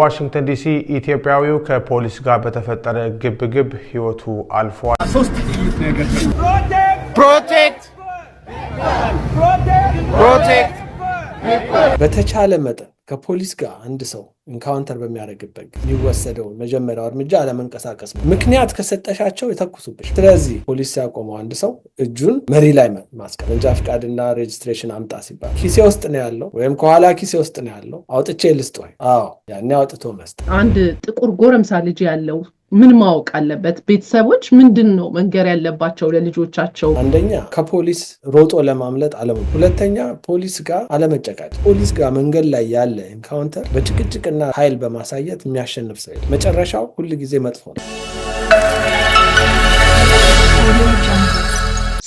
ዋሽንግተን ዲሲ ኢትዮጵያዊው ከፖሊስ ጋር በተፈጠረ ግብግብ ህይወቱ አልፏል። በተቻለ መጠን ከፖሊስ ጋር አንድ ሰው ኢንካውንተር በሚያደርግበት የሚወሰደውን መጀመሪያው እርምጃ አለመንቀሳቀስ ነው። ምክንያት ከሰጠሻቸው የተኩሱብሽ። ስለዚህ ፖሊስ ሲያቆመው አንድ ሰው እጁን መሪ ላይ ማስቀ መንጃ ፍቃድና ሬጅስትሬሽን አምጣ ሲባል ኪሴ ውስጥ ነው ያለው ወይም ከኋላ ኪሴ ውስጥ ነው ያለው አውጥቼ ልስጥ ወይ? አዎ ያኔ አውጥቶ መስጠት። አንድ ጥቁር ጎረምሳ ልጅ ያለው ምን ማወቅ አለበት? ቤተሰቦች ምንድን ነው መንገር ያለባቸው ለልጆቻቸው? አንደኛ ከፖሊስ ሮጦ ለማምለጥ አለመ፣ ሁለተኛ ፖሊስ ጋር አለመጨቃጨት። ፖሊስ ጋር መንገድ ላይ ያለ ኢንካውንተር በጭቅጭቅና ኃይል በማሳየት የሚያሸንፍ ሰው መጨረሻው ሁል ጊዜ መጥፎ ነው።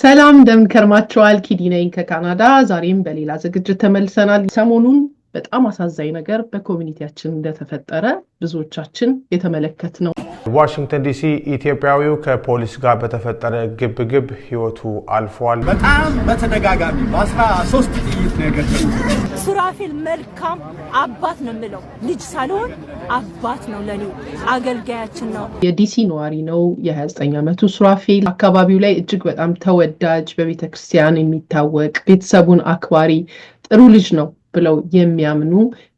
ሰላም እንደምን ከርማችኋል? ኪዲ ነኝ ከካናዳ። ዛሬም በሌላ ዝግጅት ተመልሰናል። ሰሞኑን በጣም አሳዛኝ ነገር በኮሚኒቲያችን እንደተፈጠረ ብዙዎቻችን የተመለከት ነው ዋሽንግተን ዲሲ ኢትዮጵያዊው ከፖሊስ ጋር በተፈጠረ ግብግብ ህይወቱ አልፏል። በጣም በተደጋጋሚ በአስራ ሶስት ጥይት ነው የገደሉት። ሱራፌል መልካም አባት ነው የምለው፣ ልጅ ሳልሆን አባት ነው ለኔ፣ አገልጋያችን ነው። የዲሲ ነዋሪ ነው። የ29 ዓመቱ ሱራፌል አካባቢው ላይ እጅግ በጣም ተወዳጅ፣ በቤተክርስቲያን የሚታወቅ ቤተሰቡን አክባሪ ጥሩ ልጅ ነው። ብለው የሚያምኑ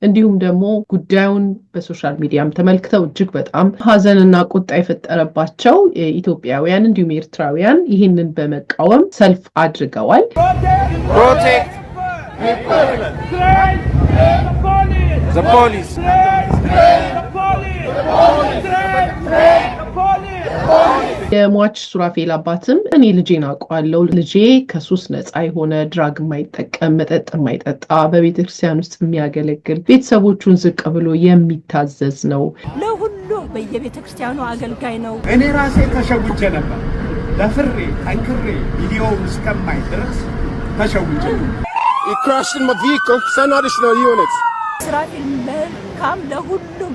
እንዲሁም ደግሞ ጉዳዩን በሶሻል ሚዲያም ተመልክተው እጅግ በጣም ሀዘንና ቁጣ የፈጠረባቸው ኢትዮጵያውያን እንዲሁም ኤርትራውያን ይህንን በመቃወም ሰልፍ አድርገዋል። ፖሊስ የሟች ሱራፌል አባትም እኔ ልጄን አውቀዋለሁ፣ ልጄ ከሱስ ነፃ የሆነ ድራግ የማይጠቀም መጠጥ የማይጠጣ በቤተክርስቲያን ውስጥ የሚያገለግል ቤተሰቦቹን ዝቅ ብሎ የሚታዘዝ ነው። ለሁሉ በየቤተክርስቲያኑ አገልጋይ ነው። እኔ ራሴ ተሸውጀ ነበር። ለፍሬ ጠንክሬ ቪዲዮ እስከማይ ድረስ ተሸውጀ ሱራፌል መልካም ለሁሉም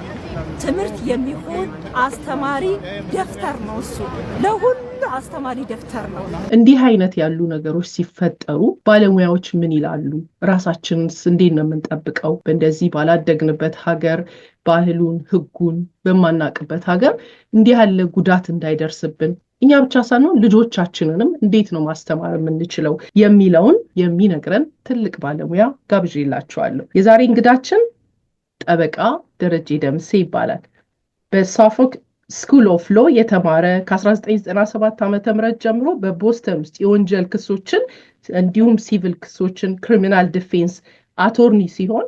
ትምህርት የሚሆን አስተማሪ ደብተር ነው። እሱ ለሁሉ አስተማሪ ደብተር ነው። እንዲህ አይነት ያሉ ነገሮች ሲፈጠሩ ባለሙያዎች ምን ይላሉ? ራሳችንስ እንዴት ነው የምንጠብቀው? በእንደዚህ ባላደግንበት ሀገር ባህሉን፣ ህጉን በማናቅበት ሀገር እንዲህ ያለ ጉዳት እንዳይደርስብን እኛ ብቻ ሳንሆን ልጆቻችንንም እንዴት ነው ማስተማር የምንችለው የሚለውን የሚነግረን ትልቅ ባለሙያ ጋብዤላችኋለሁ። የዛሬ እንግዳችን ጠበቃ ደረጀ ደምሴ ይባላል። በሳፎክ ስኩል ኦፍ ሎ የተማረ ከ1997 ዓ ም ጀምሮ በቦስተን ውስጥ የወንጀል ክሶችን እንዲሁም ሲቪል ክሶችን ክሪሚናል ዲፌንስ አቶርኒ ሲሆን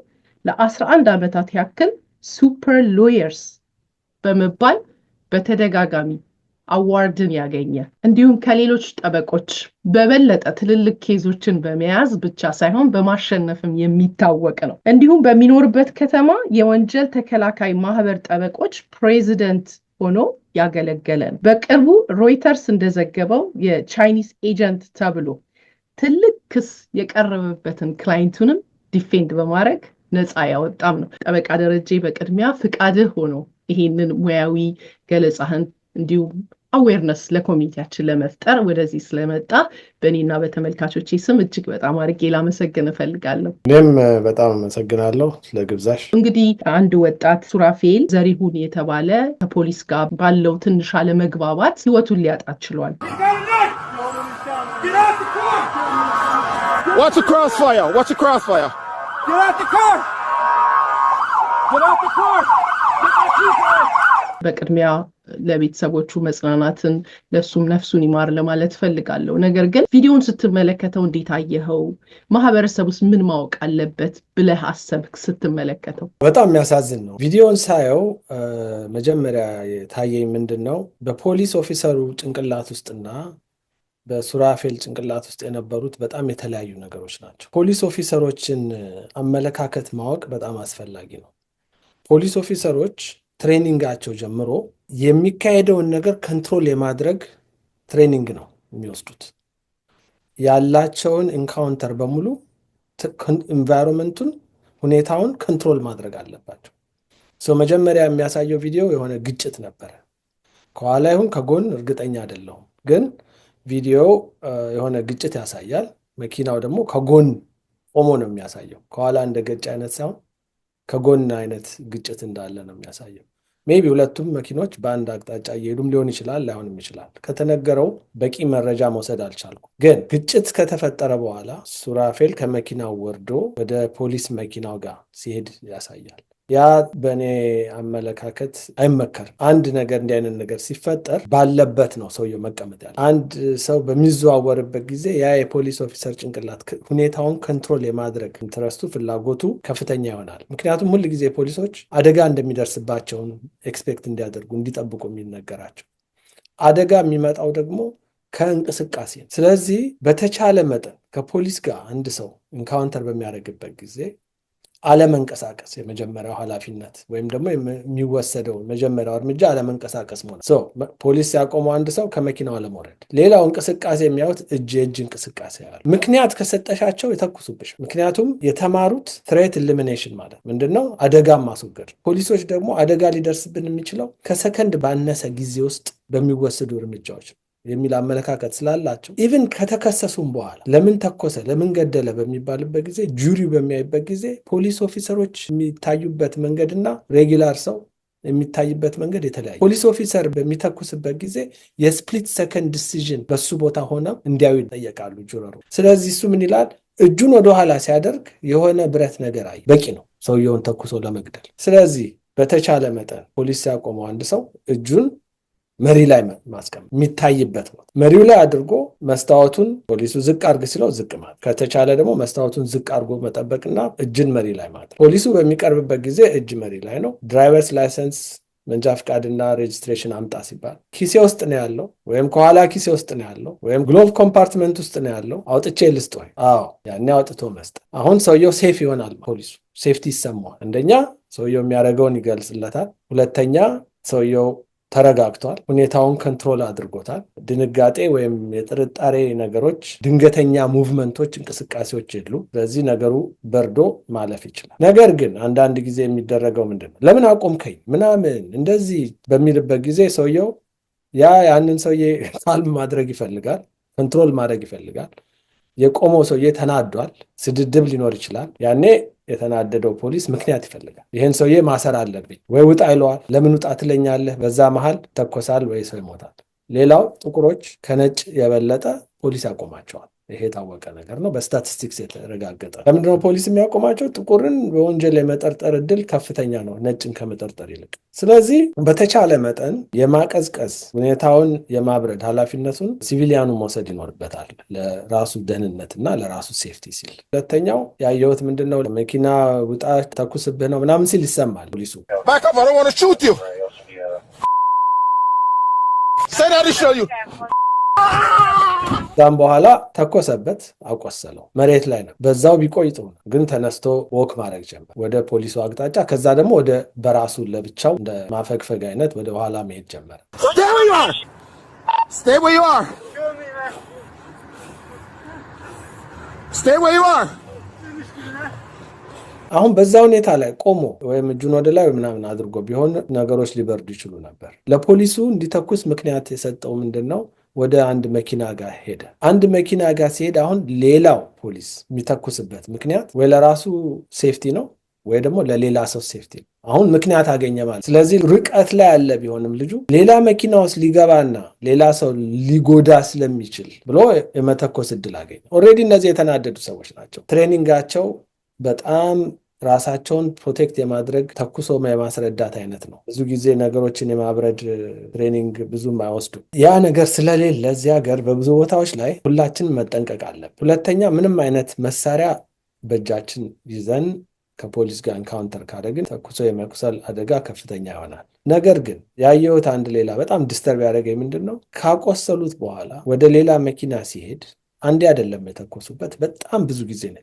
ለ11 ዓመታት ያክል ሱፐር ሎየርስ በመባል በተደጋጋሚ አዋርድን ያገኘ እንዲሁም ከሌሎች ጠበቆች በበለጠ ትልልቅ ኬዞችን በመያዝ ብቻ ሳይሆን በማሸነፍም የሚታወቅ ነው። እንዲሁም በሚኖርበት ከተማ የወንጀል ተከላካይ ማህበር ጠበቆች ፕሬዚደንት ሆኖ ያገለገለ ነው። በቅርቡ ሮይተርስ እንደዘገበው የቻይኒስ ኤጀንት ተብሎ ትልቅ ክስ የቀረበበትን ክላይንቱንም ዲፌንድ በማድረግ ነፃ ያወጣም ነው። ጠበቃ ደረጀ በቅድሚያ ፍቃድህ ሆኖ ይሄንን ሙያዊ ገለጻህን እንዲሁም አዌርነስ ለኮሚኒቲያችን ለመፍጠር ወደዚህ ስለመጣ በእኔና በተመልካቾች ስም እጅግ በጣም አድርጌ ላመሰግን እፈልጋለሁ። እኔም በጣም አመሰግናለሁ ለግብዛሽ። እንግዲህ አንድ ወጣት ሱራፌል ዘሪሁን የተባለ ከፖሊስ ጋር ባለው ትንሽ አለመግባባት ህይወቱን ሊያጣ ችሏል። በቅድሚያ ለቤተሰቦቹ መጽናናትን ለሱም ነፍሱን ይማር ለማለት ፈልጋለሁ። ነገር ግን ቪዲዮን ስትመለከተው እንዴት አየኸው? ውስጥ ምን ማወቅ አለበት ብለህ አሰብክ ስትመለከተው? በጣም የሚያሳዝን ነው። ቪዲዮን ሳየው መጀመሪያ የታየኝ ምንድን ነው በፖሊስ ኦፊሰሩ ጭንቅላት ውስጥና በሱራፌል ጭንቅላት ውስጥ የነበሩት በጣም የተለያዩ ነገሮች ናቸው። ፖሊስ ኦፊሰሮችን አመለካከት ማወቅ በጣም አስፈላጊ ነው። ፖሊስ ኦፊሰሮች ትሬኒንጋቸው ጀምሮ የሚካሄደውን ነገር ከንትሮል የማድረግ ትሬኒንግ ነው የሚወስዱት። ያላቸውን ኢንካውንተር በሙሉ ኢንቫይሮንመንቱን፣ ሁኔታውን ከንትሮል ማድረግ አለባቸው። መጀመሪያ የሚያሳየው ቪዲዮ የሆነ ግጭት ነበረ። ከኋላ ይሁን ከጎን እርግጠኛ አይደለሁም፣ ግን ቪዲዮ የሆነ ግጭት ያሳያል። መኪናው ደግሞ ከጎን ቆሞ ነው የሚያሳየው። ከኋላ እንደ ገጭ አይነት ሳይሆን ከጎን አይነት ግጭት እንዳለ ነው የሚያሳየው። ሜቢ ሁለቱም መኪኖች በአንድ አቅጣጫ እየሄዱም ሊሆን ይችላል፣ ላይሆንም ይችላል። ከተነገረው በቂ መረጃ መውሰድ አልቻልኩ። ግን ግጭት ከተፈጠረ በኋላ ሱራፌል ከመኪናው ወርዶ ወደ ፖሊስ መኪናው ጋር ሲሄድ ያሳያል። ያ በእኔ አመለካከት አይመከርም። አንድ ነገር እንዲህ አይነት ነገር ሲፈጠር ባለበት ነው ሰውየው መቀመጥ ያለ። አንድ ሰው በሚዘዋወርበት ጊዜ ያ የፖሊስ ኦፊሰር ጭንቅላት ሁኔታውን ኮንትሮል የማድረግ ኢንትረስቱ፣ ፍላጎቱ ከፍተኛ ይሆናል። ምክንያቱም ሁል ጊዜ ፖሊሶች አደጋ እንደሚደርስባቸውን ኤክስፔክት እንዲያደርጉ እንዲጠብቁ የሚነገራቸው አደጋ የሚመጣው ደግሞ ከእንቅስቃሴ ነው። ስለዚህ በተቻለ መጠን ከፖሊስ ጋር አንድ ሰው ኢንካውንተር በሚያደርግበት ጊዜ አለመንቀሳቀስ የመጀመሪያው ኃላፊነት ወይም ደግሞ የሚወሰደው መጀመሪያው እርምጃ አለመንቀሳቀስ መሆን። ፖሊስ ያቆመው አንድ ሰው ከመኪናው አለመውረድ። ሌላው እንቅስቃሴ የሚያዩት እጅ የእጅ እንቅስቃሴ ያሉ ምክንያት ከሰጠሻቸው የተኩሱብሽ። ምክንያቱም የተማሩት ትሬት ኢሊሚኔሽን ማለት ምንድን ነው? አደጋን ማስወገድ። ፖሊሶች ደግሞ አደጋ ሊደርስብን የሚችለው ከሰከንድ ባነሰ ጊዜ ውስጥ በሚወሰዱ እርምጃዎች የሚል አመለካከት ስላላቸው ኢቭን ከተከሰሱም በኋላ ለምን ተኮሰ ለምን ገደለ በሚባልበት ጊዜ ጁሪ በሚያይበት ጊዜ ፖሊስ ኦፊሰሮች የሚታዩበት መንገድና ሬጊላር ሰው የሚታይበት መንገድ የተለያየ። ፖሊስ ኦፊሰር በሚተኩስበት ጊዜ የስፕሊት ሰከንድ ዲሲዥን በሱ ቦታ ሆነው እንዲያዩ ይጠየቃሉ ጁረሩ። ስለዚህ እሱ ምን ይላል? እጁን ወደኋላ ሲያደርግ የሆነ ብረት ነገር አይ በቂ ነው ሰውየውን ተኩሶ ለመግደል። ስለዚህ በተቻለ መጠን ፖሊስ ሲያቆመው አንድ ሰው እጁን መሪ ላይ ማስቀመጥ የሚታይበት ቦታ መሪው ላይ አድርጎ መስታወቱን ፖሊሱ ዝቅ አርግ ሲለው ዝቅ ማለት፣ ከተቻለ ደግሞ መስታወቱን ዝቅ አድርጎ መጠበቅና እጅን መሪ ላይ ማድረግ። ፖሊሱ በሚቀርብበት ጊዜ እጅ መሪ ላይ ነው። ድራይቨርስ ላይሰንስ መንጃ ፍቃድና ሬጅስትሬሽን አምጣ ሲባል ኪሴ ውስጥ ነው ያለው፣ ወይም ከኋላ ኪሴ ውስጥ ነው ያለው፣ ወይም ግሎቭ ኮምፓርትመንት ውስጥ ነው ያለው፣ አውጥቼ ልስጥ ወይ? አዎ፣ ያኔ አውጥቶ መስጠት። አሁን ሰውየው ሴፍ ይሆናል። ፖሊሱ ሴፍቲ ይሰማዋል። አንደኛ ሰውየው የሚያደርገውን ይገልጽለታል። ሁለተኛ ሰውየው ተረጋግቷል። ሁኔታውን ከንትሮል አድርጎታል። ድንጋጤ ወይም የጥርጣሬ ነገሮች፣ ድንገተኛ ሙቭመንቶች፣ እንቅስቃሴዎች የሉ። ስለዚህ ነገሩ በርዶ ማለፍ ይችላል። ነገር ግን አንዳንድ ጊዜ የሚደረገው ምንድን ነው? ለምን አቆምከኝ ምናምን እንደዚህ በሚልበት ጊዜ ሰውየው ያ ያንን ሰውዬ ካልም ማድረግ ይፈልጋል፣ ኮንትሮል ማድረግ ይፈልጋል። የቆመው ሰውዬ ተናዷል። ስድድብ ሊኖር ይችላል። ያኔ የተናደደው ፖሊስ ምክንያት ይፈልጋል። ይህን ሰውዬ ማሰር አለብኝ ወይ ውጣ ይለዋል። ለምን ውጣ ትለኛለህ? በዛ መሀል ተኮሳል ወይ ሰው ይሞታል። ሌላው ጥቁሮች ከነጭ የበለጠ ፖሊስ ያቆማቸዋል። ይሄ የታወቀ ነገር ነው፣ በስታቲስቲክስ የተረጋገጠ። ለምንድነው ፖሊስ የሚያቆማቸው? ጥቁርን በወንጀል የመጠርጠር እድል ከፍተኛ ነው ነጭን ከመጠርጠር ይልቅ። ስለዚህ በተቻለ መጠን የማቀዝቀዝ ሁኔታውን የማብረድ ኃላፊነቱን ሲቪሊያኑ መውሰድ ይኖርበታል፣ ለራሱ ደህንነት እና ለራሱ ሴፍቲ ሲል። ሁለተኛው ያየሁት ምንድነው መኪና ውጣ ተኩስብህ ነው ምናምን ሲል ይሰማል ፖሊሱ ከዛም በኋላ ተኮሰበት፣ አቆሰለው። መሬት ላይ ነው። በዛው ቢቆይ ጥሩ ነው፣ ግን ተነስቶ ወክ ማድረግ ጀመር ወደ ፖሊሱ አቅጣጫ። ከዛ ደግሞ ወደ በራሱ ለብቻው እንደ ማፈግፈግ አይነት ወደ ኋላ መሄድ ጀመረ። አሁን በዛ ሁኔታ ላይ ቆሞ ወይም እጁን ወደ ላይ ምናምን አድርጎ ቢሆን ነገሮች ሊበርዱ ይችሉ ነበር። ለፖሊሱ እንዲተኩስ ምክንያት የሰጠው ምንድን ነው? ወደ አንድ መኪና ጋር ሄደ። አንድ መኪና ጋር ሲሄድ አሁን ሌላው ፖሊስ የሚተኩስበት ምክንያት ወይ ለራሱ ሴፍቲ ነው ወይ ደግሞ ለሌላ ሰው ሴፍቲ ነው። አሁን ምክንያት አገኘ ማለት። ስለዚህ ርቀት ላይ ያለ ቢሆንም ልጁ ሌላ መኪና ውስጥ ሊገባና ሌላ ሰው ሊጎዳ ስለሚችል ብሎ የመተኮስ እድል አገኘ። ኦልሬዲ እነዚህ የተናደዱ ሰዎች ናቸው። ትሬኒንጋቸው በጣም ራሳቸውን ፕሮቴክት የማድረግ ተኩሶ የማስረዳት አይነት ነው። ብዙ ጊዜ ነገሮችን የማብረድ ትሬኒንግ ብዙም አይወስዱ ያ ነገር ስለሌለ እዚህ ሀገር በብዙ ቦታዎች ላይ ሁላችን መጠንቀቅ አለብን። ሁለተኛ ምንም አይነት መሳሪያ በእጃችን ይዘን ከፖሊስ ጋር ኢንካውንተር ካደግን ተኩሶ የመቁሰል አደጋ ከፍተኛ ይሆናል። ነገር ግን ያየሁት አንድ ሌላ በጣም ዲስተርብ ያደረገኝ ምንድን ነው፣ ካቆሰሉት በኋላ ወደ ሌላ መኪና ሲሄድ አንዴ አይደለም የተኮሱበት፣ በጣም ብዙ ጊዜ ነው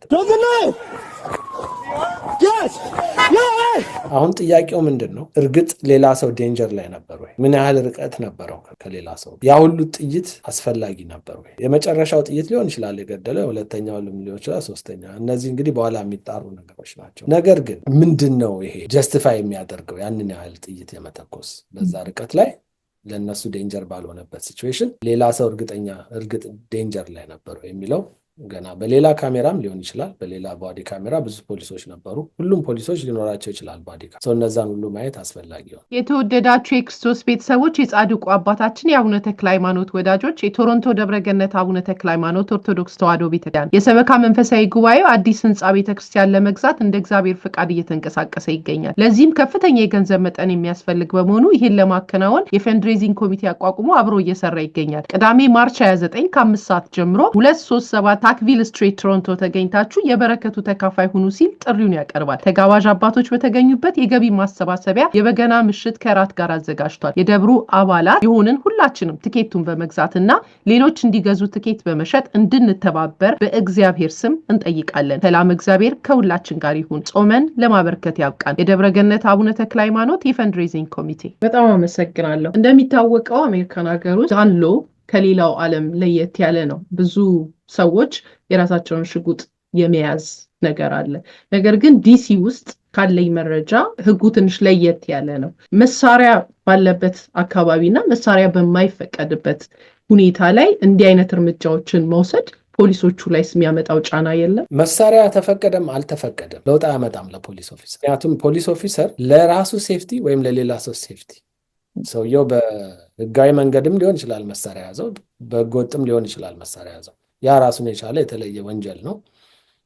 አሁን ጥያቄው ምንድን ነው? እርግጥ ሌላ ሰው ዴንጀር ላይ ነበር ወይ? ምን ያህል ርቀት ነበረው ከሌላ ሰው? ያ ሁሉ ጥይት አስፈላጊ ነበር ወይ? የመጨረሻው ጥይት ሊሆን ይችላል የገደለ፣ ሁለተኛው ልም ሊሆን ይችላል፣ ሶስተኛ። እነዚህ እንግዲህ በኋላ የሚጣሩ ነገሮች ናቸው። ነገር ግን ምንድን ነው ይሄ ጀስቲፋይ የሚያደርገው ያንን ያህል ጥይት የመተኮስ በዛ ርቀት ላይ ለእነሱ ዴንጀር ባልሆነበት ሲትዌሽን ሌላ ሰው እርግጠኛ እርግጥ ዴንጀር ላይ ነበረው የሚለው ገና በሌላ ካሜራም ሊሆን ይችላል። በሌላ ባዲ ካሜራ ብዙ ፖሊሶች ነበሩ። ሁሉም ፖሊሶች ሊኖራቸው ይችላል ባዲ ሰው እነዛን ሁሉ ማየት አስፈላጊ ነው። የተወደዳችሁ የክርስቶስ ቤተሰቦች፣ የጻድቁ አባታችን የአቡነ ተክለ ሃይማኖት ወዳጆች፣ የቶሮንቶ ደብረገነት አቡነ ተክለ ሃይማኖት ኦርቶዶክስ ተዋሕዶ ቤተክርስቲያን የሰበካ መንፈሳዊ ጉባኤው አዲስ ህንፃ ቤተክርስቲያን ለመግዛት እንደ እግዚአብሔር ፍቃድ እየተንቀሳቀሰ ይገኛል። ለዚህም ከፍተኛ የገንዘብ መጠን የሚያስፈልግ በመሆኑ ይህን ለማከናወን የፈንድሬዚንግ ኮሚቴ አቋቁሞ አብሮ እየሰራ ይገኛል። ቅዳሜ ማርች 29 ከአምስት ሰዓት ጀምሮ ሁለት ሶስት ሰባት ፓክቪል ስትሪት ቶሮንቶ ተገኝታችሁ የበረከቱ ተካፋይ ሁኑ ሲል ጥሪውን ያቀርባል። ተጋባዥ አባቶች በተገኙበት የገቢ ማሰባሰቢያ የበገና ምሽት ከራት ጋር አዘጋጅቷል። የደብሩ አባላት የሆንን ሁላችንም ትኬቱን በመግዛትና ሌሎች እንዲገዙ ትኬት በመሸጥ እንድንተባበር በእግዚአብሔር ስም እንጠይቃለን። ሰላም እግዚአብሔር ከሁላችን ጋር ይሁን። ጾመን ለማበርከት ያብቃን። የደብረ አቡነ ተክለ ሃይማኖት የፈንድሬዚንግ ኮሚቴ። በጣም አመሰግናለሁ። እንደሚታወቀው አሜሪካን ሀገር ውስጥ ከሌላው ዓለም ለየት ያለ ነው። ብዙ ሰዎች የራሳቸውን ሽጉጥ የመያዝ ነገር አለ። ነገር ግን ዲሲ ውስጥ ካለኝ መረጃ ህጉ ትንሽ ለየት ያለ ነው። መሳሪያ ባለበት አካባቢና መሳሪያ በማይፈቀድበት ሁኔታ ላይ እንዲህ አይነት እርምጃዎችን መውሰድ ፖሊሶቹ ላይ የሚያመጣው ጫና የለም። መሳሪያ ተፈቀደም አልተፈቀደም ለውጥ አያመጣም ለፖሊስ ኦፊሰር። ምክንያቱም ፖሊስ ኦፊሰር ለራሱ ሴፍቲ ወይም ለሌላ ሰው ሴፍቲ ሰውየው በህጋዊ መንገድም ሊሆን ይችላል መሳሪያ ያዘው፣ በህገወጥም ሊሆን ይችላል መሳሪያ ያዘው። ያ ራሱን የቻለ የተለየ ወንጀል ነው።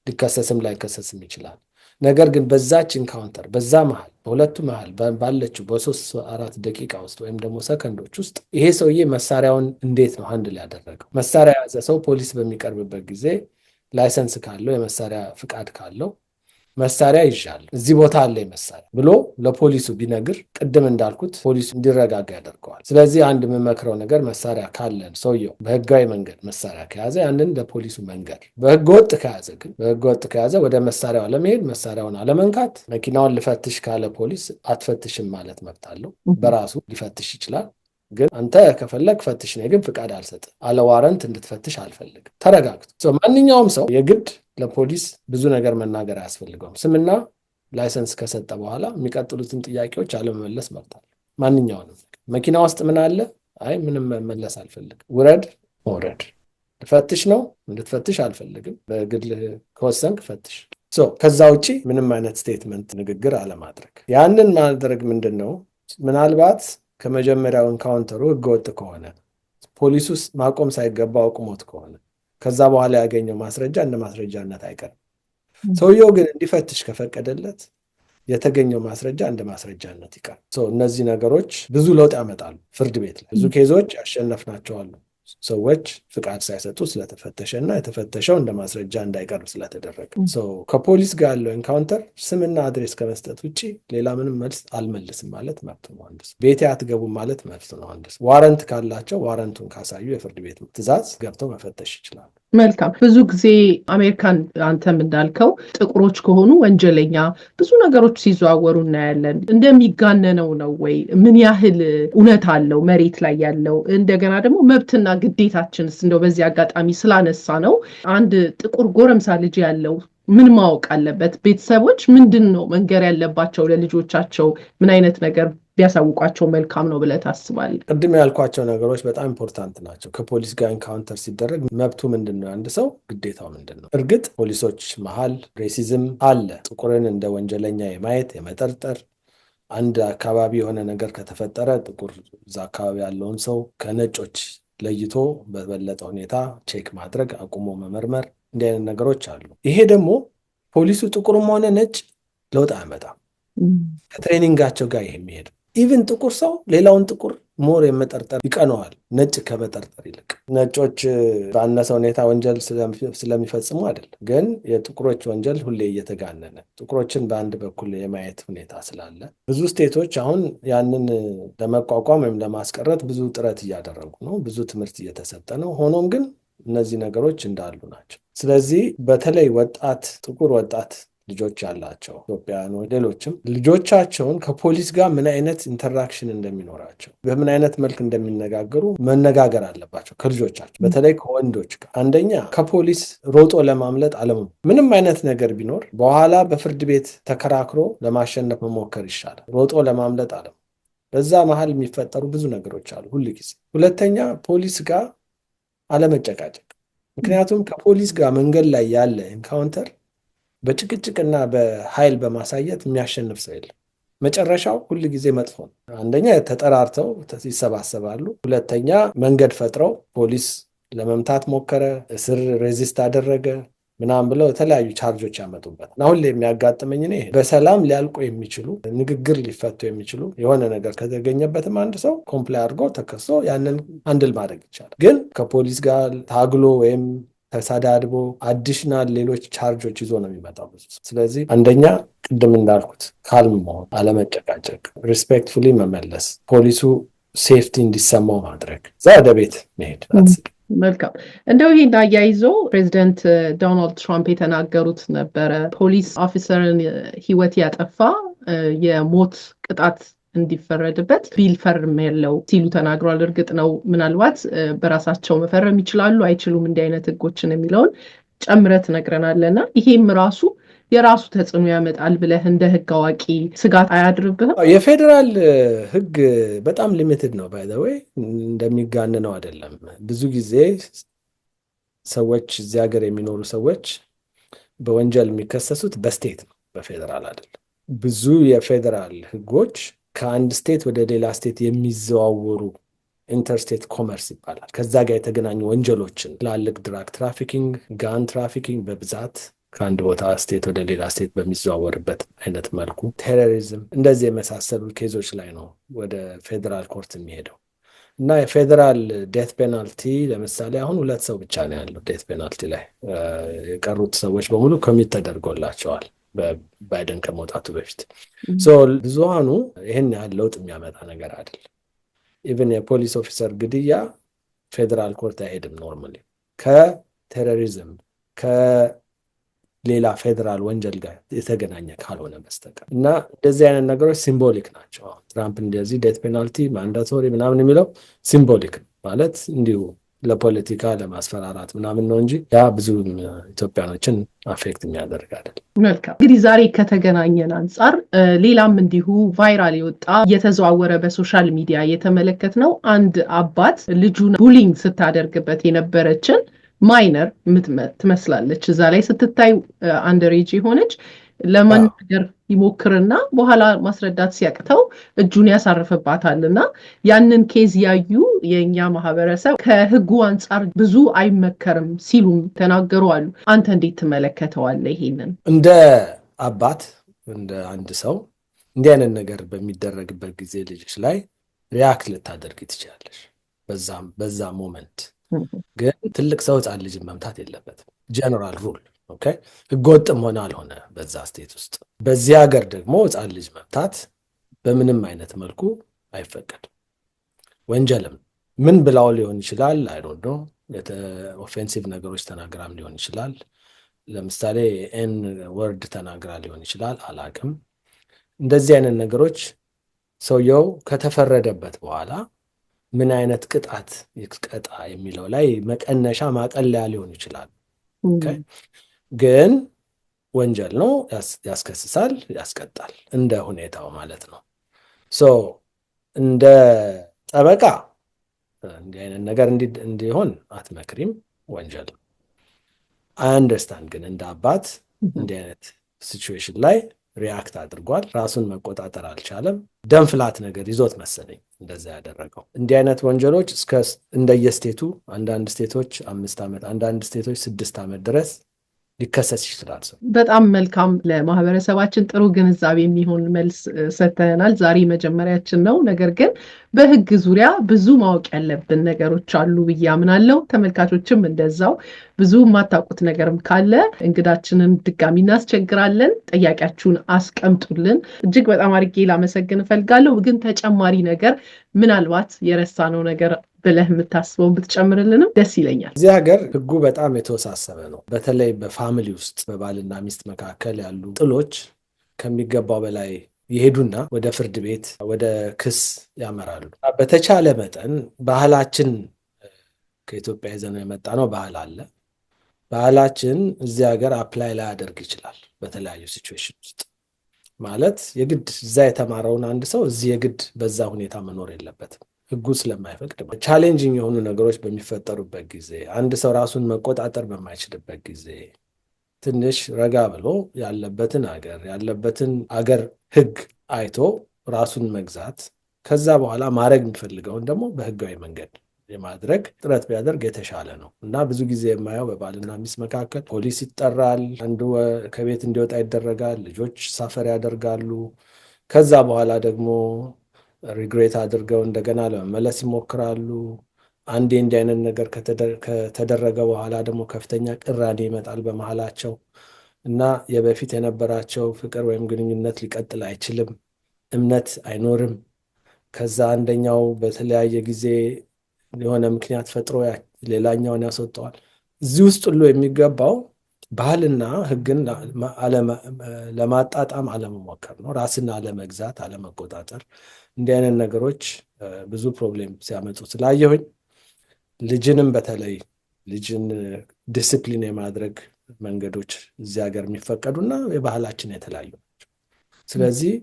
ሊከሰስም ላይከሰስም ይችላል። ነገር ግን በዛች ኢንካውንተር በዛ መሃል በሁለቱ መሃል ባለችው በሶስት አራት ደቂቃ ውስጥ ወይም ደግሞ ሰከንዶች ውስጥ ይሄ ሰውዬ መሳሪያውን እንዴት ነው አንድ ያደረገው? መሳሪያ የያዘ ሰው ፖሊስ በሚቀርብበት ጊዜ ላይሰንስ ካለው የመሳሪያ ፍቃድ ካለው መሳሪያ ይዣል እዚህ ቦታ አለኝ መሳሪያ ብሎ ለፖሊሱ ቢነግር ቅድም እንዳልኩት ፖሊሱ እንዲረጋጋ ያደርገዋል። ስለዚህ አንድ የምመክረው ነገር መሳሪያ ካለን ሰውየው በህጋዊ መንገድ መሳሪያ ከያዘ ያንን ለፖሊሱ መንገድ፣ በህገ ወጥ ከያዘ ግን በህገ ወጥ ከያዘ ወደ መሳሪያው አለመሄድ፣ መሳሪያውን አለመንካት። መኪናውን ልፈትሽ ካለ ፖሊስ አትፈትሽም ማለት መብት አለው። በራሱ ሊፈትሽ ይችላል። ግን አንተ ከፈለግ ፈትሽ፣ እኔ ግን ፍቃድ አልሰጥ አለ ዋረንት እንድትፈትሽ አልፈልግም። ተረጋግቶ ማንኛውም ሰው የግድ ለፖሊስ ብዙ ነገር መናገር አያስፈልገውም። ስምና ላይሰንስ ከሰጠ በኋላ የሚቀጥሉትን ጥያቄዎች አለመመለስ መርጣል። ማንኛውንም መኪና ውስጥ ምን አለ? አይ ምንም መመለስ አልፈልግ። ውረድ፣ መውረድ። ልፈትሽ ነው፣ እንድትፈትሽ አልፈልግም። በግል ከወሰንክ ፈትሽ። ከዛ ውጭ ምንም አይነት ስቴትመንት ንግግር አለማድረግ። ያንን ማድረግ ምንድን ነው ምናልባት ከመጀመሪያው ኢንካውንተሩ ህገወጥ ከሆነ ፖሊሱ ማቆም ሳይገባ አቁሞት ከሆነ ከዛ በኋላ ያገኘው ማስረጃ እንደ ማስረጃነት አይቀርም። ሰውየው ግን እንዲፈትሽ ከፈቀደለት የተገኘው ማስረጃ እንደ ማስረጃነት ይቀር እነዚህ ነገሮች ብዙ ለውጥ ያመጣሉ። ፍርድ ቤት ላይ ብዙ ኬዞች ያሸነፍናቸዋሉ። ሰዎች ፍቃድ ሳይሰጡ ስለተፈተሸ እና የተፈተሸው እንደ ማስረጃ እንዳይቀርብ ስለተደረገ ከፖሊስ ጋር ያለው ኤንካውንተር ስምና አድሬስ ከመስጠት ውጭ ሌላ ምንም መልስ አልመልስም ማለት መብት ነው። አንድ ሰው ቤቴ አትገቡም ማለት መብት ነው። አንድ ሰው ዋረንት ካላቸው ዋረንቱን ካሳዩ የፍርድ ቤት ትዕዛዝ ገብተው መፈተሽ ይችላሉ። መልካም ብዙ ጊዜ አሜሪካን አንተም እንዳልከው ጥቁሮች ከሆኑ ወንጀለኛ ብዙ ነገሮች ሲዘዋወሩ እናያለን። እንደሚጋነነው ነው ወይ? ምን ያህል እውነት አለው መሬት ላይ ያለው? እንደገና ደግሞ መብትና ግዴታችንስ እንደው በዚህ አጋጣሚ ስላነሳ ነው አንድ ጥቁር ጎረምሳ ልጅ ያለው ምን ማወቅ አለበት? ቤተሰቦች ምንድን ነው መንገር ያለባቸው ለልጆቻቸው? ምን አይነት ነገር ቢያሳውቋቸው መልካም ነው ብለህ ታስባለህ? ቅድም ያልኳቸው ነገሮች በጣም ኢምፖርታንት ናቸው። ከፖሊስ ጋር ኢንካውንተር ሲደረግ መብቱ ምንድን ነው? አንድ ሰው ግዴታው ምንድን ነው? እርግጥ ፖሊሶች መሀል ሬሲዝም አለ። ጥቁርን እንደ ወንጀለኛ የማየት የመጠርጠር አንድ አካባቢ የሆነ ነገር ከተፈጠረ ጥቁር እዛ አካባቢ ያለውን ሰው ከነጮች ለይቶ በበለጠ ሁኔታ ቼክ ማድረግ አቁሞ መመርመር እንዲህ አይነት ነገሮች አሉ። ይሄ ደግሞ ፖሊሱ ጥቁርም ሆነ ነጭ ለውጥ አያመጣም። ከትሬኒንጋቸው ጋር ይሄ የሚሄድ ኢቭን ጥቁር ሰው ሌላውን ጥቁር ሞር የመጠርጠር ይቀነዋል፣ ነጭ ከመጠርጠር ይልቅ። ነጮች ባነሰ ሁኔታ ወንጀል ስለሚፈጽሙ አይደለም፣ ግን የጥቁሮች ወንጀል ሁሌ እየተጋነነ ጥቁሮችን በአንድ በኩል የማየት ሁኔታ ስላለ ብዙ ስቴቶች አሁን ያንን ለመቋቋም ወይም ለማስቀረት ብዙ ጥረት እያደረጉ ነው። ብዙ ትምህርት እየተሰጠ ነው። ሆኖም ግን እነዚህ ነገሮች እንዳሉ ናቸው። ስለዚህ በተለይ ወጣት ጥቁር ወጣት ልጆች ያላቸው ኢትዮጵያውያን ሌሎችም ልጆቻቸውን ከፖሊስ ጋር ምን አይነት ኢንተራክሽን እንደሚኖራቸው በምን አይነት መልክ እንደሚነጋገሩ መነጋገር አለባቸው ከልጆቻቸው በተለይ ከወንዶች ጋር። አንደኛ ከፖሊስ ሮጦ ለማምለጥ አለም ምንም አይነት ነገር ቢኖር በኋላ በፍርድ ቤት ተከራክሮ ለማሸነፍ መሞከር ይሻላል፣ ሮጦ ለማምለጥ አለም በዛ መሀል የሚፈጠሩ ብዙ ነገሮች አሉ ሁል ጊዜ። ሁለተኛ ፖሊስ ጋር አለመጨቃጨቅ። ምክንያቱም ከፖሊስ ጋር መንገድ ላይ ያለ ኤንካውንተር በጭቅጭቅና በኃይል በማሳየት የሚያሸንፍ ሰው የለም። መጨረሻው ሁል ጊዜ መጥፎ ነው። አንደኛ ተጠራርተው ይሰባሰባሉ። ሁለተኛ መንገድ ፈጥረው ፖሊስ ለመምታት ሞከረ፣ እስር ሬዚስት አደረገ ምናምን ብለው የተለያዩ ቻርጆች ያመጡበት አሁን የሚያጋጥመኝ እኔ በሰላም ሊያልቁ የሚችሉ ንግግር ሊፈቱ የሚችሉ የሆነ ነገር ከተገኘበትም አንድ ሰው ኮምፕላይ አድርጎ ተከሶ ያንን አንድል ማድረግ ይቻላል። ግን ከፖሊስ ጋር ታግሎ ወይም ተሳዳድቦ አዲሽናል ሌሎች ቻርጆች ይዞ ነው የሚመጣው። ስለዚህ አንደኛ ቅድም እንዳልኩት ካልም መሆን፣ አለመጨቃጨቅ፣ ሪስፔክትፉሊ መመለስ፣ ፖሊሱ ሴፍቲ እንዲሰማው ማድረግ፣ እዛ ወደ ቤት መሄድ። መልካም እንደው ይሄን እንዳያይዞ ፕሬዚደንት ዶናልድ ትራምፕ የተናገሩት ነበረ ፖሊስ ኦፊሰርን ህይወት ያጠፋ የሞት ቅጣት እንዲፈረድበት ቢልፈርም ፈርም የለው ሲሉ ተናግሯል። እርግጥ ነው ምናልባት በራሳቸው መፈረም ይችላሉ አይችሉም እንዲህ አይነት ህጎችን የሚለውን ጨምረት ነግረናለና ይሄም ራሱ የራሱ ተጽዕኖ ያመጣል ብለህ እንደ ህግ አዋቂ ስጋት አያድርብህም? የፌዴራል ህግ በጣም ሊሚትድ ነው። ባይ ዘ ወይ እንደሚጋንነው አይደለም። ብዙ ጊዜ ሰዎች እዚህ ሀገር የሚኖሩ ሰዎች በወንጀል የሚከሰሱት በስቴት ነው፣ በፌዴራል አይደለም። ብዙ የፌዴራል ህጎች ከአንድ ስቴት ወደ ሌላ ስቴት የሚዘዋወሩ ኢንተርስቴት ኮመርስ ይባላል። ከዛ ጋር የተገናኙ ወንጀሎችን ትላልቅ ድራግ ትራፊኪንግ፣ ጋን ትራፊኪንግ በብዛት ከአንድ ቦታ ስቴት ወደ ሌላ ስቴት በሚዘዋወርበት አይነት መልኩ ቴሮሪዝም፣ እንደዚህ የመሳሰሉ ኬዞች ላይ ነው ወደ ፌዴራል ኮርት የሚሄደው እና የፌዴራል ዴት ፔናልቲ ለምሳሌ አሁን ሁለት ሰው ብቻ ነው ያለው ዴት ፔናልቲ ላይ የቀሩት ሰዎች በሙሉ ኮሚት ተደርጎላቸዋል። ባይደን ከመውጣቱ በፊት ብዙሃኑ ይህን ያህል ለውጥ የሚያመጣ ነገር አይደለም። ኢቨን የፖሊስ ኦፊሰር ግድያ ፌዴራል ኮርት አይሄድም ኖርማሊ። ከቴሮሪዝም ከሌላ ፌዴራል ወንጀል ጋር የተገናኘ ካልሆነ በስተቀር እና እንደዚህ አይነት ነገሮች ሲምቦሊክ ናቸው። ትራምፕ እንደዚህ ዴት ፔናልቲ ማንዳቶሪ ምናምን የሚለው ሲምቦሊክ ማለት እንዲሁ ለፖለቲካ ለማስፈራራት ምናምን ነው እንጂ ያ ብዙ ኢትዮጵያኖችን አፌክት የሚያደርግ አይደል። መልካም እንግዲህ ዛሬ ከተገናኘን አንጻር ሌላም እንዲሁ ቫይራል የወጣ እየተዘዋወረ በሶሻል ሚዲያ የተመለከት ነው። አንድ አባት ልጁን ቡሊንግ ስታደርግበት የነበረችን ማይነር ትመስላለች እዛ ላይ ስትታይ አንደሬጅ የሆነች ለመናገር ይሞክርና በኋላ ማስረዳት ሲያቅተው እጁን ያሳርፍባታል እና ያንን ኬዝ ያዩ የእኛ ማህበረሰብ ከህጉ አንጻር ብዙ አይመከርም ሲሉም ተናገሩ አሉ። አንተ እንዴት ትመለከተዋለህ? ይሄንን እንደ አባት እንደ አንድ ሰው እንዲህ አይነት ነገር በሚደረግበት ጊዜ ልጅች ላይ ሪያክት ልታደርግ ትችላለች። በዛ ሞመንት ግን ትልቅ ሰው ህፃን ልጅን መምታት የለበትም ጀነራል ሩል ኦኬ ህገወጥም ሆነ አልሆነ በዛ ስቴት ውስጥ በዚህ ሀገር ደግሞ ህፃን ልጅ መብታት በምንም አይነት መልኩ አይፈቀድም። ወንጀልም ምን ብላው ሊሆን ይችላል አይዶዶ ኦፌንሲቭ ነገሮች ተናግራም ሊሆን ይችላል። ለምሳሌ ኤን ወርድ ተናግራ ሊሆን ይችላል አላቅም። እንደዚህ አይነት ነገሮች ሰውየው ከተፈረደበት በኋላ ምን አይነት ቅጣት ይቀጣ የሚለው ላይ መቀነሻ ማቀለያ ሊሆን ይችላል። ግን ወንጀል ነው፣ ያስከስሳል፣ ያስቀጣል እንደ ሁኔታው ማለት ነው። ሶ እንደ ጠበቃ እንዲህ አይነት ነገር እንዲሆን አትመክሪም፣ ወንጀል አንደርስታንድ። ግን እንደ አባት እንዲህ አይነት ሲቹዌሽን ላይ ሪያክት አድርጓል። ራሱን መቆጣጠር አልቻለም። ደም ፍላት ነገር ይዞት መሰለኝ እንደዛ ያደረገው። እንዲህ አይነት ወንጀሎች እንደየስቴቱ አንዳንድ ስቴቶች አምስት ዓመት አንዳንድ ስቴቶች ስድስት ዓመት ድረስ ሊከሰስ ይችላል። በጣም መልካም። ለማህበረሰባችን ጥሩ ግንዛቤ የሚሆን መልስ ሰተናል። ዛሬ መጀመሪያችን ነው። ነገር ግን በህግ ዙሪያ ብዙ ማወቅ ያለብን ነገሮች አሉ ብዬ አምናለሁ። ተመልካቾችም እንደዛው ብዙ የማታውቁት ነገርም ካለ እንግዳችንን ድጋሚ እናስቸግራለን። ጥያቄያችሁን አስቀምጡልን። እጅግ በጣም አድርጌ ላመሰግን እፈልጋለሁ። ግን ተጨማሪ ነገር ምናልባት የረሳነው ነገር ብለህ የምታስበው ብትጨምርልንም ደስ ይለኛል። እዚህ ሀገር ህጉ በጣም የተወሳሰበ ነው። በተለይ በፋሚሊ ውስጥ በባልና ሚስት መካከል ያሉ ጥሎች ከሚገባው በላይ ይሄዱና ወደ ፍርድ ቤት ወደ ክስ ያመራሉ። በተቻለ መጠን ባህላችን ከኢትዮጵያ ይዘን የመጣ ነው ባህል አለ። ባህላችን እዚህ ሀገር አፕላይ ላያደርግ ይችላል በተለያዩ ሲቹዌሽን ውስጥ ማለት የግድ እዛ የተማረውን አንድ ሰው እዚህ የግድ በዛ ሁኔታ መኖር የለበትም። ህጉ ስለማይፈቅድ ቻሌንጂንግ የሆኑ ነገሮች በሚፈጠሩበት ጊዜ፣ አንድ ሰው ራሱን መቆጣጠር በማይችልበት ጊዜ ትንሽ ረጋ ብሎ ያለበትን አገር ያለበትን አገር ህግ አይቶ ራሱን መግዛት ከዛ በኋላ ማድረግ የሚፈልገውን ደግሞ በህጋዊ መንገድ የማድረግ ጥረት ቢያደርግ የተሻለ ነው እና ብዙ ጊዜ የማየው በባልና ሚስት መካከል ፖሊስ ይጠራል፣ አንዱ ከቤት እንዲወጣ ይደረጋል፣ ልጆች ሳፈር ያደርጋሉ። ከዛ በኋላ ደግሞ ሪግሬት አድርገው እንደገና ለመመለስ ይሞክራሉ። አንዴ እንዲህ አይነት ነገር ከተደረገ በኋላ ደግሞ ከፍተኛ ቅራኔ ይመጣል በመሀላቸው እና የበፊት የነበራቸው ፍቅር ወይም ግንኙነት ሊቀጥል አይችልም። እምነት አይኖርም። ከዛ አንደኛው በተለያየ ጊዜ የሆነ ምክንያት ፈጥሮ ሌላኛውን ያስወጠዋል። እዚህ ውስጥ ሁሉ የሚገባው ባህልና ሕግን ለማጣጣም አለመሞከር ነው። ራስን አለመግዛት፣ አለመቆጣጠር እንዲህ አይነት ነገሮች ብዙ ፕሮብሌም ሲያመጡ ስላየሁኝ ልጅንም በተለይ ልጅን ዲስፕሊን የማድረግ መንገዶች እዚህ ሀገር የሚፈቀዱ እና የባህላችን የተለያዩ ናቸው። ስለዚህ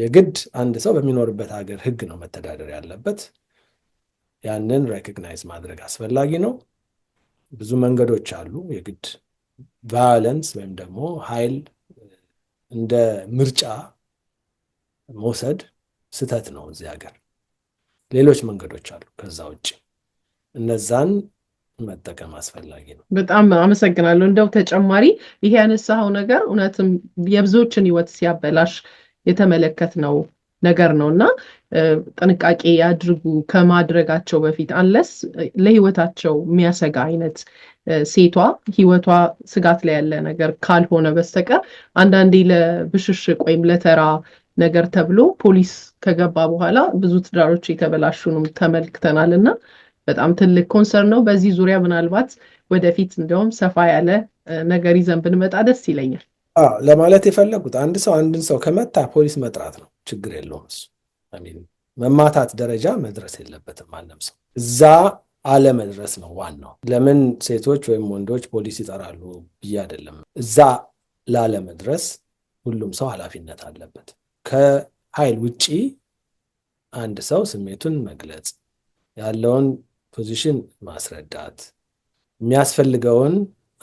የግድ አንድ ሰው በሚኖርበት ሀገር ህግ ነው መተዳደር ያለበት። ያንን ሬኮግናይዝ ማድረግ አስፈላጊ ነው። ብዙ መንገዶች አሉ። የግድ ቫዮለንስ ወይም ደግሞ ኃይል እንደ ምርጫ መውሰድ ስተት ነው። እዚህ ሀገር ሌሎች መንገዶች አሉ። ከዛ ውጭ እነዛን መጠቀም አስፈላጊ ነው። በጣም አመሰግናለሁ። እንደው ተጨማሪ ይሄ ያነሳኸው ነገር እውነትም የብዙዎችን ሕይወት ሲያበላሽ የተመለከትነው ነገር ነው እና ጥንቃቄ ያድርጉ ከማድረጋቸው በፊት አንለስ ለሕይወታቸው የሚያሰጋ አይነት ሴቷ ሕይወቷ ስጋት ላይ ያለ ነገር ካልሆነ በስተቀር አንዳንዴ ለብሽሽቅ ወይም ለተራ ነገር ተብሎ ፖሊስ ከገባ በኋላ ብዙ ትዳሮች የተበላሹንም ተመልክተናል እና በጣም ትልቅ ኮንሰርን ነው። በዚህ ዙሪያ ምናልባት ወደፊት እንዲያውም ሰፋ ያለ ነገር ይዘን ብንመጣ ደስ ይለኛል። ለማለት የፈለጉት አንድ ሰው አንድን ሰው ከመታ ፖሊስ መጥራት ነው፣ ችግር የለውም እሱ መማታት ደረጃ መድረስ የለበትም። ማንም ሰው እዛ አለመድረስ ነው ዋናው። ለምን ሴቶች ወይም ወንዶች ፖሊስ ይጠራሉ ብዬ አይደለም። እዛ ላለመድረስ ሁሉም ሰው ኃላፊነት አለበት። ከኃይል ውጪ አንድ ሰው ስሜቱን መግለጽ፣ ያለውን ፖዚሽን ማስረዳት፣ የሚያስፈልገውን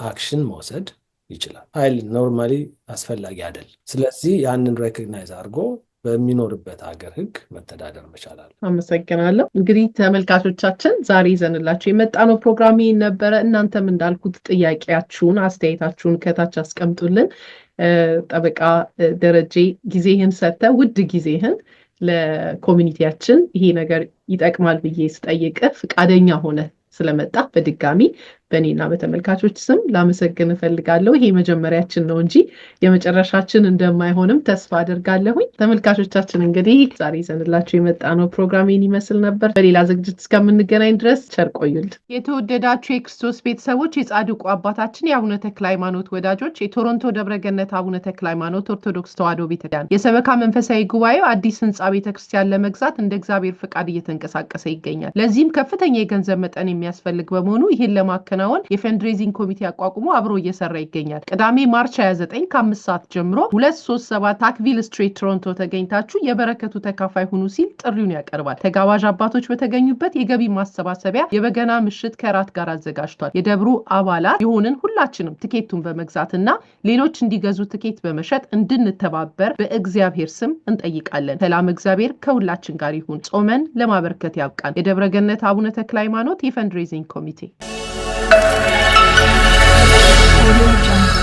አክሽን መውሰድ ይችላል። ኃይል ኖርማሊ አስፈላጊ አይደል። ስለዚህ ያንን ሬኮግናይዝ አድርጎ በሚኖርበት ሀገር ህግ መተዳደር መቻላል። አመሰግናለሁ። እንግዲህ ተመልካቾቻችን ዛሬ ይዘንላችሁ የመጣ ነው ፕሮግራም ነበረ። እናንተም እንዳልኩት ጥያቄያችሁን፣ አስተያየታችሁን ከታች አስቀምጡልን። ጠበቃ ደረጀ ጊዜህን ሰተ ውድ ጊዜህን ለኮሚኒቲያችን ይሄ ነገር ይጠቅማል ብዬ ስጠይቅ ፍቃደኛ ሆነ ስለመጣ በድጋሚ በእኔና በተመልካቾች ስም ላመሰግን እፈልጋለሁ። ይሄ መጀመሪያችን ነው እንጂ የመጨረሻችን እንደማይሆንም ተስፋ አደርጋለሁኝ። ተመልካቾቻችን እንግዲህ ዛሬ ይዘንላቸው የመጣ ነው ፕሮግራሜን ይመስል ነበር። በሌላ ዝግጅት እስከምንገናኝ ድረስ ቸር ቆዩልን። የተወደዳችሁ የክርስቶስ ቤተሰቦች የጻድቁ አባታችን የአቡነ ተክለ ሃይማኖት ወዳጆች የቶሮንቶ ደብረገነት አቡነ ተክለ ሃይማኖት ኦርቶዶክስ ተዋሕዶ ቤተክርስቲያን የሰበካ መንፈሳዊ ጉባኤው አዲስ ህንፃ ቤተክርስቲያን ለመግዛት እንደ እግዚአብሔር ፍቃድ እየተንቀሳቀሰ ይገኛል። ለዚህም ከፍተኛ የገንዘብ መጠን የሚያስፈልግ በመሆኑ ይህን ለማከል ለማከናወን የፈንድሬዚንግ ኮሚቴ አቋቁሞ አብሮ እየሰራ ይገኛል። ቅዳሜ ማርች 29 ከአምስት ሰዓት ጀምሮ ሁለት ሶስት ሰባት ታክቪል ስትሬት ቶሮንቶ ተገኝታችሁ የበረከቱ ተካፋይ ሁኑ ሲል ጥሪውን ያቀርባል። ተጋባዥ አባቶች በተገኙበት የገቢ ማሰባሰቢያ የበገና ምሽት ከራት ጋር አዘጋጅቷል። የደብሩ አባላት የሆንን ሁላችንም ትኬቱን በመግዛትና ሌሎች እንዲገዙ ትኬት በመሸጥ እንድንተባበር በእግዚአብሔር ስም እንጠይቃለን። ሰላም እግዚአብሔር ከሁላችን ጋር ይሁን። ጾመን ለማበርከት ያብቃን። የደብረ ገነት አቡነ ተክለ ሃይማኖት የፈንድሬዚንግ ኮሚቴ Audio Jungle.